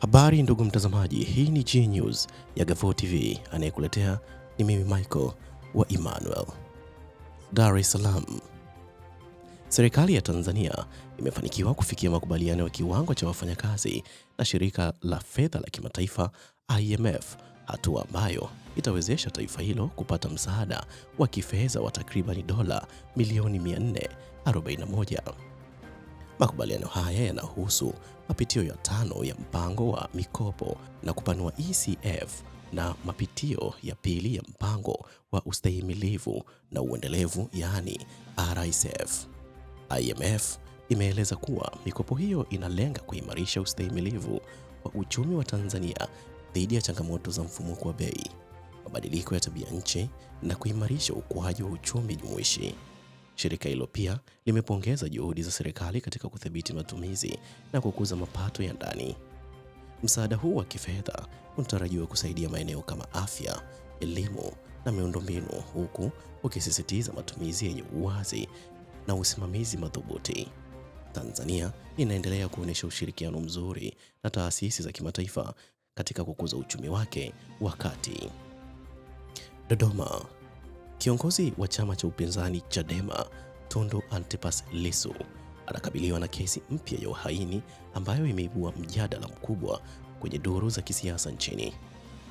Habari ndugu mtazamaji, hii ni G ya Gavoo TV, anayekuletea ni mimi Michael wa Emmanuel, Dar es Salaam. Serikali ya Tanzania imefanikiwa kufikia makubaliano ya kiwango cha wafanyakazi na shirika la fedha la kimataifa IMF, hatua ambayo itawezesha taifa hilo kupata msaada wa kifedha wa takribani dola milioni 441 Makubaliano haya yanahusu mapitio ya tano ya mpango wa mikopo na kupanua ECF na mapitio ya pili ya mpango wa ustahimilivu na uendelevu yaani RICF. IMF imeeleza kuwa mikopo hiyo inalenga kuimarisha ustahimilivu wa uchumi wa Tanzania dhidi ya changamoto za mfumuko wa bei, mabadiliko ya tabia nchi na kuimarisha ukuaji wa uchumi jumuishi. Shirika hilo pia limepongeza juhudi za serikali katika kudhibiti matumizi na kukuza mapato ya ndani. Msaada huu wa kifedha unatarajiwa kusaidia maeneo kama afya, elimu na miundombinu, huku ukisisitiza matumizi yenye uwazi na usimamizi madhubuti. Tanzania inaendelea kuonyesha ushirikiano mzuri na taasisi za kimataifa katika kukuza uchumi wake wakati Dodoma. Kiongozi wa chama cha upinzani Chadema Tundu Antipas Lissu anakabiliwa na kesi mpya ya uhaini ambayo imeibua mjadala mkubwa kwenye duru za kisiasa nchini.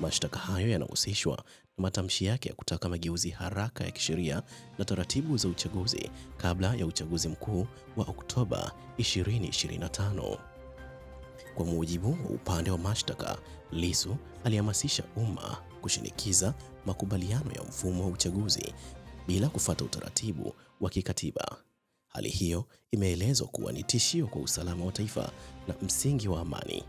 Mashtaka hayo yanahusishwa na matamshi yake ya kutaka mageuzi haraka ya kisheria na taratibu za uchaguzi kabla ya uchaguzi mkuu wa Oktoba 2025. Kwa mujibu wa upande wa mashtaka, Lissu alihamasisha umma kushinikiza makubaliano ya mfumo wa uchaguzi bila kufuata utaratibu wa kikatiba. Hali hiyo imeelezwa kuwa ni tishio kwa usalama wa taifa na msingi wa amani.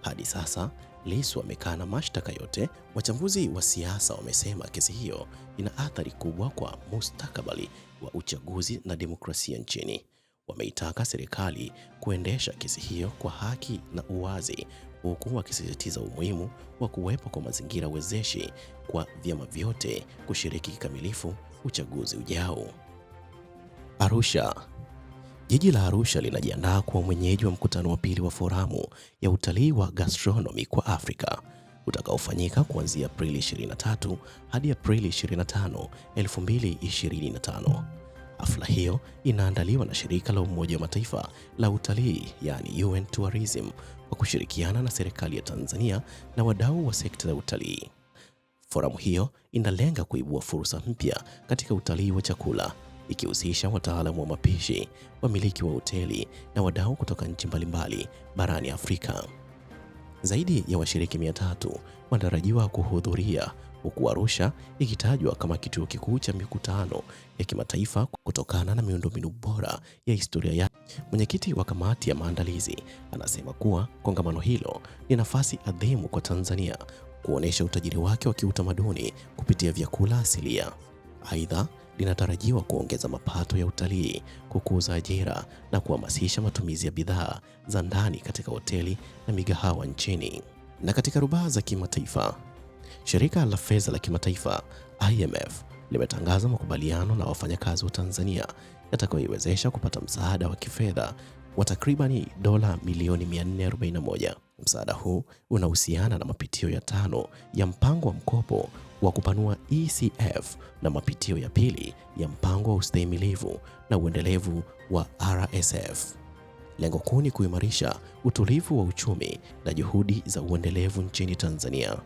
Hadi sasa Lissu na mashtaka yote. Wachambuzi wa siasa wamesema kesi hiyo ina athari kubwa kwa mustakabali wa uchaguzi na demokrasia nchini. Wameitaka serikali kuendesha kesi hiyo kwa haki na uwazi, huku wakisisitiza umuhimu wa kuwepo kwa mazingira wezeshi kwa vyama vyote kushiriki kikamilifu uchaguzi ujao. Arusha. Jiji la Arusha linajiandaa kuwa mwenyeji wa mkutano wa pili wa foramu ya utalii wa gastronomy kwa Afrika utakaofanyika kuanzia Aprili 23 hadi Aprili 25, 2025. Hafla hiyo inaandaliwa na shirika la Umoja wa Mataifa la utalii, yani UN Tourism, kwa kushirikiana na serikali ya Tanzania na wadau wa sekta ya utalii. Foramu hiyo inalenga kuibua fursa mpya katika utalii wa chakula ikihusisha wataalamu wa mapishi, wamiliki wa hoteli na wadau kutoka nchi mbalimbali barani Afrika. Zaidi ya washiriki mia tatu wanatarajiwa kuhudhuria huku Arusha ikitajwa kama kituo kikuu cha mikutano ya kimataifa kutokana na miundombinu bora ya historia yake. Mwenyekiti wa kamati ya maandalizi anasema kuwa kongamano hilo ni nafasi adhimu kwa Tanzania kuonesha utajiri wake wa kiutamaduni kupitia vyakula asilia. Aidha, linatarajiwa kuongeza mapato ya utalii, kukuza ajira na kuhamasisha matumizi ya bidhaa za ndani katika hoteli na migahawa nchini. Na katika rubaa za kimataifa, shirika la fedha la kimataifa IMF limetangaza makubaliano na wafanyakazi wa Tanzania yatakayoiwezesha kupata msaada wa kifedha wa takribani dola milioni 441 Msaada huu unahusiana na mapitio ya tano ya mpango wa mkopo wa kupanua ECF na mapitio ya pili ya mpango wa ustahimilivu na uendelevu wa RSF. Lengo kuu ni kuimarisha utulivu wa uchumi na juhudi za uendelevu nchini Tanzania.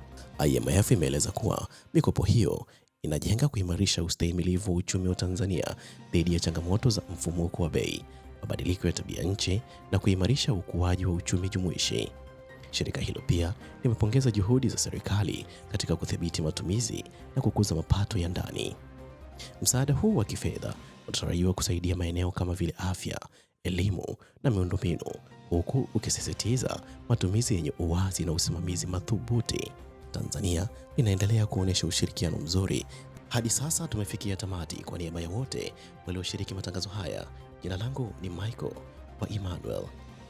IMF imeeleza kuwa mikopo hiyo inajenga kuimarisha ustahimilivu wa uchumi wa Tanzania dhidi ya changamoto za mfumuko wa bei, mabadiliko ya tabia nchi na kuimarisha ukuaji wa uchumi jumuishi. Shirika hilo pia limepongeza juhudi za serikali katika kudhibiti matumizi na kukuza mapato ya ndani. Msaada huu wa kifedha unatarajiwa kusaidia maeneo kama vile afya, elimu na miundombinu, huku ukisisitiza matumizi yenye uwazi na usimamizi madhubuti. Tanzania inaendelea kuonyesha ushirikiano mzuri. Hadi sasa tumefikia tamati. Kwa niaba ya wote walioshiriki matangazo haya, jina langu ni Michael wa Emmanuel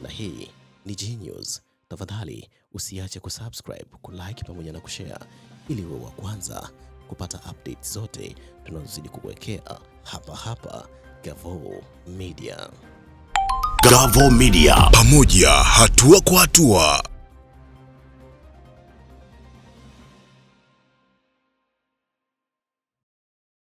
na hii ni G News. Tafadhali usiache kusubscribe, kulike pamoja na kushare ili uwe wa kwanza kupata updates zote tunazozidi kukuwekea hapa hapa Gavoo Media. Gavoo Media, pamoja hatua kwa hatua.